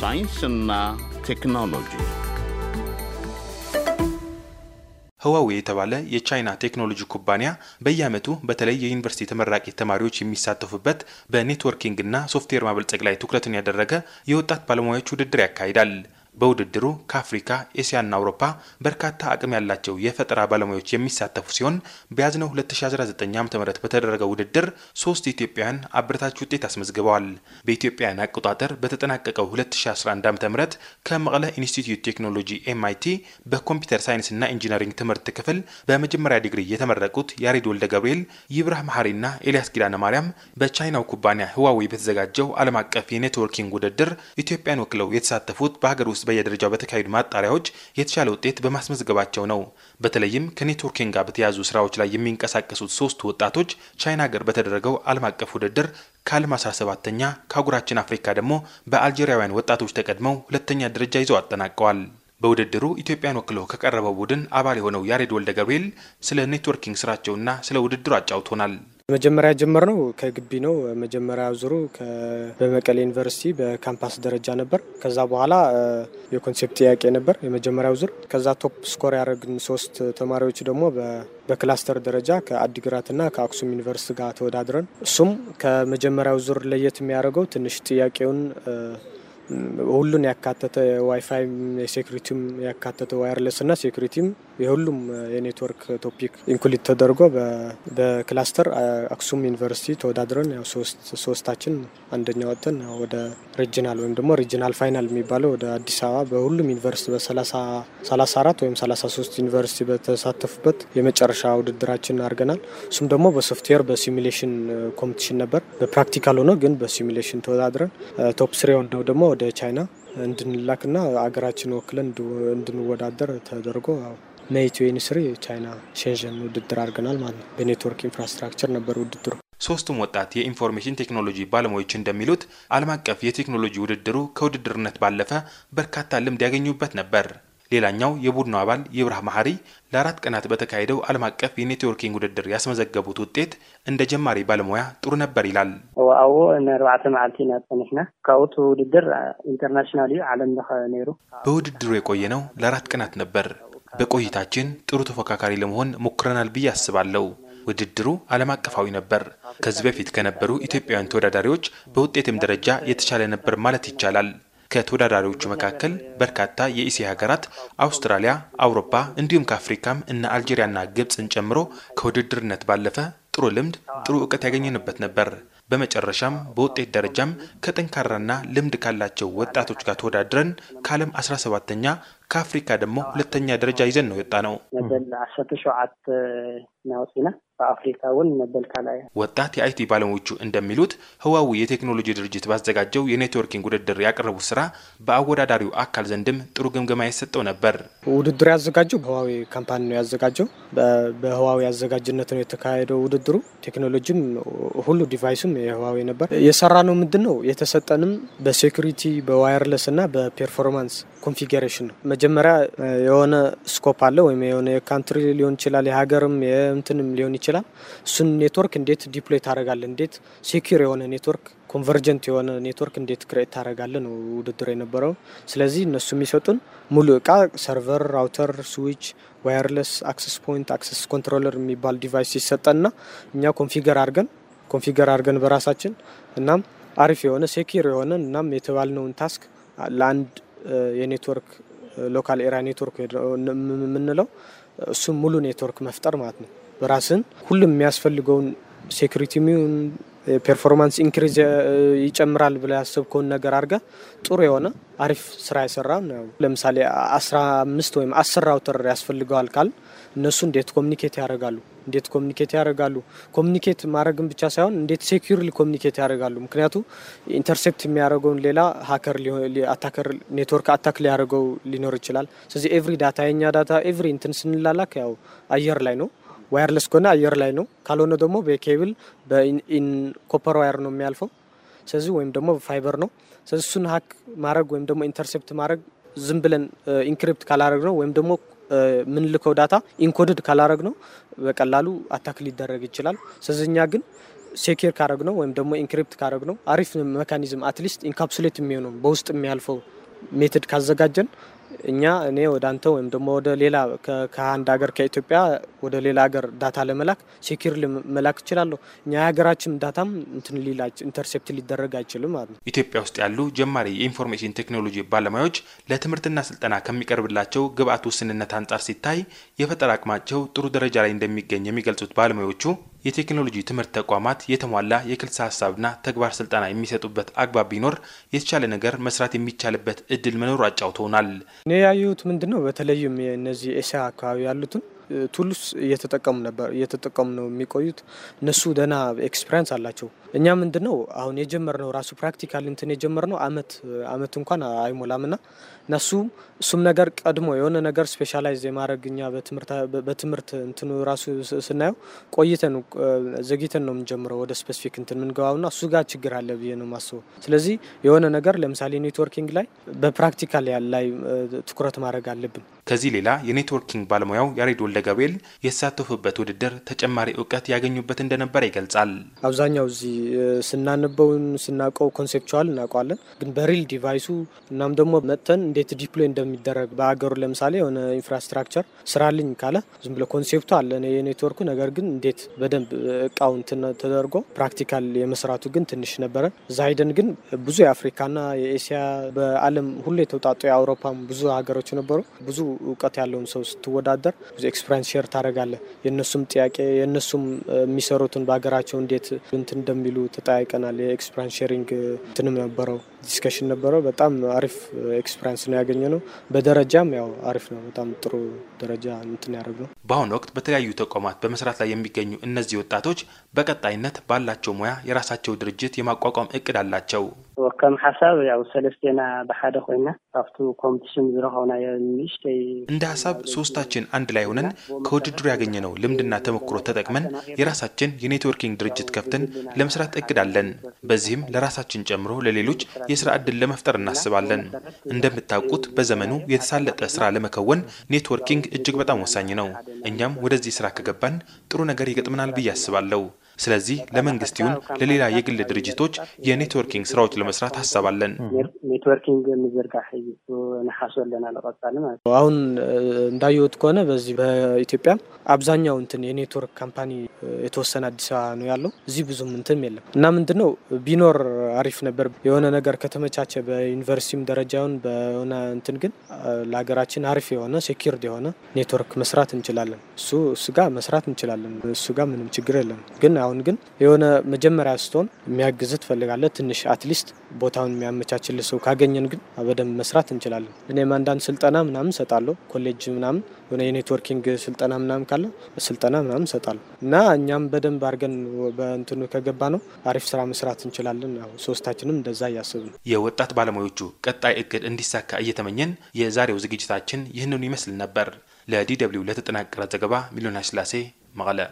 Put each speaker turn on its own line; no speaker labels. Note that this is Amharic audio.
ሳይንስና ቴክኖሎጂ ህዋዌ የተባለ የቻይና ቴክኖሎጂ ኩባንያ በየዓመቱ በተለይ የዩኒቨርሲቲ ተመራቂ ተማሪዎች የሚሳተፉበት በኔትወርኪንግና ሶፍትዌር ማበልጸግ ላይ ትኩረትን ያደረገ የወጣት ባለሙያዎች ውድድር ያካሂዳል። በውድድሩ ከአፍሪካ ኤስያና አውሮፓ በርካታ አቅም ያላቸው የፈጠራ ባለሙያዎች የሚሳተፉ ሲሆን በያዝነው 2019 ም በተደረገው ውድድር ሶስት ኢትዮጵያውያን አበረታች ውጤት አስመዝግበዋል። በኢትዮጵያውያን አቆጣጠር በተጠናቀቀው 2011 ዓ.ም ከመቀለ ኢንስቲትዩት ቴክኖሎጂ ኤምአይቲ በኮምፒውተር ሳይንስና ኢንጂነሪንግ ትምህርት ክፍል በመጀመሪያ ዲግሪ የተመረቁት ያሬድ ወልደ ገብርኤል፣ ይብራህ መሐሪና ኤልያስ ኪዳነ ማርያም በቻይናው ኩባንያ ህዋዌ በተዘጋጀው ዓለም አቀፍ የኔትወርኪንግ ውድድር ኢትዮጵያን ወክለው የተሳተፉት በሀገር ውስጥ ውስጥ በየደረጃው በተካሄዱ ማጣሪያዎች የተሻለ ውጤት በማስመዝገባቸው ነው። በተለይም ከኔትወርኪንግ ጋር በተያያዙ ስራዎች ላይ የሚንቀሳቀሱት ሶስቱ ወጣቶች ቻይና ሀገር በተደረገው ዓለም አቀፍ ውድድር ከዓለም 17 ሰባተኛ ከአህጉራችን አፍሪካ ደግሞ በአልጄሪያውያን ወጣቶች ተቀድመው ሁለተኛ ደረጃ ይዘው አጠናቀዋል። በውድድሩ ኢትዮጵያን ወክሎ ከቀረበው ቡድን አባል የሆነው ያሬድ ወልደ ገብርኤል ስለ ኔትወርኪንግ ስራቸውና ስለ ውድድሩ አጫውቶናል።
መጀመሪያ ጀመር ነው ከግቢ ነው። መጀመሪያ ዙሩ በመቀሌ ዩኒቨርሲቲ በካምፓስ ደረጃ ነበር። ከዛ በኋላ የኮንሴፕት ጥያቄ ነበር የመጀመሪያው ዙር። ከዛ ቶፕ ስኮር ያደረግን ሶስት ተማሪዎች ደግሞ በክላስተር ደረጃ ከአዲግራትና ከአክሱም ዩኒቨርሲቲ ጋር ተወዳድረን እሱም ከመጀመሪያው ዙር ለየት የሚያደርገው ትንሽ ጥያቄውን ሁሉን ያካተተ ዋይፋይ የሴኩሪቲም ያካተተ ዋይርለስ እና ሴኩሪቲም የሁሉም uh, የኔትወርክ ቶፒክ ኢንኩሊድ ተደርጎ በክላስተር uh, አክሱም ዩኒቨርሲቲ ተወዳድረን ያው ሶስታችን አንደኛ ወጥተን ወደ ሪጂናል ወይም ደግሞ ሪጂናል ፋይናል የሚባለው ወደ አዲስ አበባ በሁሉም ዩኒቨርሲቲ በ34 ወይም 33 ዩኒቨርሲቲ በተሳተፉበት የመጨረሻ ውድድራችን አድርገናል። እሱም ደግሞ በሶፍትዌር በሲሚሌሽን uh, ኮምፒቲሽን ነበር። በፕራክቲካል ሆኖ ግን በሲሚሌሽን ተወዳድረን ቶፕ ስሪ ወንደው ደግሞ ወደ ቻይና እንድንላክና አገራችን ወክለን እንድንወዳደር ተደርጎ ሜይቱ ኢንዱስትሪ ቻይና ሼንዥን ውድድር አድርገናል ማለት ነው። በኔትወርክ ኢንፍራስትራክቸር ነበር ውድድሩ።
ሶስቱም ወጣት የኢንፎርሜሽን ቴክኖሎጂ ባለሙያዎች እንደሚሉት ዓለም አቀፍ የቴክኖሎጂ ውድድሩ ከውድድርነት ባለፈ በርካታ ልምድ ያገኙበት ነበር። ሌላኛው የቡድኑ አባል ይብራህ መሀሪ ለአራት ቀናት በተካሄደው ዓለም አቀፍ የኔትወርኪንግ ውድድር ያስመዘገቡት ውጤት እንደ ጀማሪ ባለሙያ ጥሩ ነበር ይላል።
ኣብኡ ንኣርባዕተ መዓልቲ ኢና ካብኡቲ ውድድር ኢንተርናሽናል እዩ ዓለም ለኸ ነይሩ
በውድድሩ የቆየነው ለአራት ቀናት ነበር። በቆይታችን ጥሩ ተፎካካሪ ለመሆን ሞክረናል ብዬ አስባለሁ። ውድድሩ ዓለም አቀፋዊ ነበር። ከዚህ በፊት ከነበሩ ኢትዮጵያውያን ተወዳዳሪዎች በውጤትም ደረጃ የተሻለ ነበር ማለት ይቻላል። ከተወዳዳሪዎቹ መካከል በርካታ የኢሴ ሀገራት አውስትራሊያ፣ አውሮፓ እንዲሁም ከአፍሪካም እነ አልጄሪያና ግብፅን ጨምሮ ከውድድርነት ባለፈ ጥሩ ልምድ፣ ጥሩ እውቀት ያገኘንበት ነበር። በመጨረሻም በውጤት ደረጃም ከጠንካራና ልምድ ካላቸው ወጣቶች ጋር ተወዳድረን ከዓለም 17ኛ ከአፍሪካ ደግሞ ሁለተኛ ደረጃ ይዘን ነው የወጣ ነው። ወጣት የአይቲ ባለሙያዎቹ እንደሚሉት ህዋዊ የቴክኖሎጂ ድርጅት ባዘጋጀው የኔትወርኪንግ ውድድር ያቀረቡት ስራ በአወዳዳሪው አካል ዘንድም ጥሩ ግምገማ የሰጠው ነበር።
ውድድሩ ያዘጋጀው ህዋዊ ካምፓኒ ነው ያዘጋጀው። በህዋዊ አዘጋጅነት ነው የተካሄደው ውድድሩ። ቴክኖሎጂም ሁሉ ዲቫይስም የህዋዊ ነበር። የሰራ ነው ምንድን ነው የተሰጠንም በሴኩሪቲ በዋይርለስ እና በፔርፎርማንስ ኮንፊገሬሽን ነው። መጀመሪያ የሆነ ስኮፕ አለ ወይም የሆነ የካንትሪ ሊሆን ይችላል የሀገርም የእንትንም ሊሆን ይችላል። እሱን ኔትወርክ እንዴት ዲፕሎይ ታደረጋለ እንዴት ሴኪር የሆነ ኔትወርክ ኮንቨርጀንት የሆነ ኔትወርክ እንዴት ክሬት ታደረጋለ ነው ውድድር የነበረው። ስለዚህ እነሱ የሚሰጡን ሙሉ እቃ ሰርቨር፣ ራውተር፣ ስዊች፣ ዋየርለስ አክሰስ ፖይንት፣ አክሰስ ኮንትሮለር የሚባል ዲቫይስ ይሰጠንና እኛ ኮንፊገር አድርገን ኮንፊገር አድርገን በራሳችን እናም አሪፍ የሆነ ሴኪር የሆነ እናም የተባልነውን ታስክ ለአንድ የኔትወርክ ሎካል ኤሪያ ኔትወርክ የምንለው እሱም ሙሉ ኔትወርክ መፍጠር ማለት ነው። በራስን ሁሉም የሚያስፈልገውን ሴኩሪቲ ፐርፎርማንስ ኢንክሪዝ ይጨምራል ብለ ያሰብከውን ነገር አድርገ ጥሩ የሆነ አሪፍ ስራ የሰራ ለምሳሌ አስራ አምስት ወይም አስር ራውተር ያስፈልገዋል ካል እነሱ እንዴት ኮሚኒኬት ያደርጋሉ እንዴት ኮሚኒኬት ያደርጋሉ? ኮሚኒኬት ማድረግን ብቻ ሳይሆን እንዴት ሴኩሪሊ ኮሚኒኬት ያደርጋሉ? ምክንያቱ ኢንተርሴፕት የሚያደርገውን ሌላ ሀከር አታከር ኔትወርክ አታክ ሊያደርገው ሊኖር ይችላል። ስለዚህ ኤቭሪ ዳታ የኛ ዳታ ኤቭሪ እንትን ስንላላክ ያው አየር ላይ ነው ዋየርለስ ከሆነ አየር ላይ ነው፣ ካልሆነ ደግሞ በኬብል በኮፐር ዋየር ነው የሚያልፈው። ስለዚህ ወይም ደግሞ ፋይበር ነው። ስለዚህ እሱን ሀክ ማድረግ ወይም ደግሞ ኢንተርሴፕት ማድረግ ዝም ብለን ኢንክሪፕት ካላረግ ነው ወይም ደግሞ ምንልከው ዳታ ኢንኮድድ ካላረግ ነው በቀላሉ አታክ ሊደረግ ይችላል። ስለዚህ እኛ ግን ሴኪር ካረግ ነው ወይም ደግሞ ኢንክሪፕት ካረግ ነው አሪፍ ሜካኒዝም አትሊስት ኢንካፕሱሌት የሚሆነው በውስጥ የሚያልፈው ሜትድ ካዘጋጀን እኛ እኔ ወደ አንተ ወይም ደግሞ ወደ ሌላ ከአንድ ሀገር ከኢትዮጵያ ወደ ሌላ ሀገር ዳታ ለመላክ ሴኪር መላክ እችላለሁ። እኛ የሀገራችን ዳታም እንትን ኢንተርሴፕት ሊደረግ
አይችልም ማለት ነው። ኢትዮጵያ ውስጥ ያሉ ጀማሪ የኢንፎርሜሽን ቴክኖሎጂ ባለሙያዎች ለትምህርትና ስልጠና ከሚቀርብላቸው ግብአት ውስንነት አንጻር ሲታይ የፈጠራ አቅማቸው ጥሩ ደረጃ ላይ እንደሚገኝ የሚገልጹት ባለሙያዎቹ የቴክኖሎጂ ትምህርት ተቋማት የተሟላ የክልስ ሀሳብና ተግባር ስልጠና የሚሰጡበት አግባብ ቢኖር የተቻለ ነገር መስራት የሚቻልበት እድል መኖሩ አጫውተውናል።
እኔ ያየሁት ምንድን ነው፣ በተለይም እነዚህ ኤስያ አካባቢ ያሉትን ቱልስ እየተጠቀሙ ነበር እየተጠቀሙ ነው የሚቆዩት። እነሱ ደህና ኤክስፒሪያንስ አላቸው። እኛ ምንድን ነው አሁን የጀመርነው ራሱ ፕራክቲካል እንትን የጀመርነው አመት አመት እንኳን አይሞላም ና እነሱ እሱም ነገር ቀድሞ የሆነ ነገር ስፔሻላይዝ የማድረግ እኛ በትምህርት እንትኑ ራሱ ስናየው ቆይተን ዘግይተን ነው የምንጀምረው ወደ ስፔሲፊክ እንትን የምንገባው ና እሱ ጋር ችግር አለ ብዬ ነው የማስበው። ስለዚህ የሆነ ነገር ለምሳሌ ኔትወርኪንግ ላይ በፕራክቲካል ላይ ትኩረት ማድረግ አለብን።
ከዚህ ሌላ የኔትወርኪንግ ባለሙያው ያሬድ ወልደ ገብርኤል የተሳተፉበት ውድድር ተጨማሪ እውቀት ያገኙበት እንደነበረ ይገልጻል።
አብዛኛው እዚህ ስናነበውን ስናውቀው ኮንሴፕቹዋል እናውቀዋለን፣ ግን በሪል ዲቫይሱ እናም ደግሞ መጥተን እንዴት ዲፕሎይ እንደሚደረግ በሀገሩ ለምሳሌ የሆነ ኢንፍራስትራክቸር ስራልኝ ካለ ዝም ብሎ ኮንሴፕቱ አለ የኔትወርኩ ነገር ግን እንዴት በደንብ እቃውን ተደርጎ ፕራክቲካል የመስራቱ ግን ትንሽ ነበረ። እዛ ሄደን ግን ብዙ የአፍሪካና የኤስያ በዓለም ሁሉ የተውጣጡ የአውሮፓም ብዙ ሀገሮች ነበሩ ብዙ እውቀት ያለውን ሰው ስትወዳደር ብዙ ኤክስፐሪንስ ሼር ታደርጋለህ። የእነሱም ጥያቄ የእነሱም የሚሰሩትን በሀገራቸው እንዴት እንትን እንደሚሉ ተጠያይቀናል። የኤክስፐሪንስ ሼሪንግ እንትንም ነበረው ዲስከሽን ነበረው። በጣም አሪፍ ኤክስፐሪንስ ነው ያገኘ ነው። በደረጃም ያው አሪፍ ነው። በጣም ጥሩ ደረጃ እንትን ያደርግ ነው።
በአሁኑ ወቅት በተለያዩ ተቋማት በመስራት ላይ የሚገኙ እነዚህ ወጣቶች በቀጣይነት ባላቸው ሙያ የራሳቸው ድርጅት የማቋቋም እቅድ አላቸው።
ወከም ሓሳብ ያው ሰለስቴና ብሓደ ኮይና ካብቲ ኮምፒቲሽን ዝረኸብናዮ
ንእሽተይ እንደ ሀሳብ ሶስታችን አንድ ላይ ሆነን ከውድድሩ ያገኘነው ልምድና ተሞክሮ ተጠቅመን የራሳችን የኔትወርኪንግ ድርጅት ከፍተን ለመስራት እቅድ አለን። በዚህም ለራሳችን ጨምሮ ለሌሎች የስራ ዕድል ለመፍጠር እናስባለን። እንደምታውቁት በዘመኑ የተሳለጠ ስራ ለመከወን ኔትወርኪንግ እጅግ በጣም ወሳኝ ነው። እኛም ወደዚህ ስራ ከገባን ጥሩ ነገር ይገጥመናል ብዬ አስባለሁ። ስለዚህ ለመንግስት ይሁን ለሌላ የግል ድርጅቶች የኔትወርኪንግ ስራዎች ለመስራት ሀሳብ
ኔትወርኪንግ ምዝርጋሕ ንሓሱ ኣለና ንቀጻሊ ማለት አሁን እንዳየወት ከሆነ በዚህ በኢትዮጵያ አብዛኛው እንትን የኔትወርክ ካምፓኒ የተወሰነ አዲስ አበባ ነው ያለው። እዚህ ብዙም እንትን የለም እና ምንድን ነው ቢኖር አሪፍ ነበር የሆነ ነገር ከተመቻቸ በዩኒቨርሲቲም ደረጃውን በሆነ እንትን ግን ለሀገራችን አሪፍ የሆነ ሴኪርድ የሆነ ኔትወርክ መስራት እንችላለን። እሱ እሱ ጋር መስራት እንችላለን። እሱ ጋር ምንም ችግር የለም ግን አሁን ግን የሆነ መጀመሪያ ስትሆን የሚያግዝ ትፈልጋለ። ትንሽ አትሊስት ቦታውን የሚያመቻችል ሰው ካገኘን ግን በደንብ መስራት እንችላለን። እኔም አንዳንድ ስልጠና ምናምን ሰጣለሁ። ኮሌጅ ምናምን የሆነ የኔትወርኪንግ ስልጠና ምናምን ካለ ስልጠና ምናምን ሰጣለሁ እና እኛም በደንብ አድርገን በእንትኑ ከገባ ነው አሪፍ ስራ መስራት እንችላለን። ሶስታችንም እንደዛ እያስብን
የወጣት ባለሙያዎቹ ቀጣይ እቅድ እንዲሳካ እየተመኘን የዛሬው ዝግጅታችን ይህንኑ ይመስል ነበር። ለዲ ደብልዩ ለተጠናቀረ ዘገባ ሚሊዮን ስላሴ መቀለ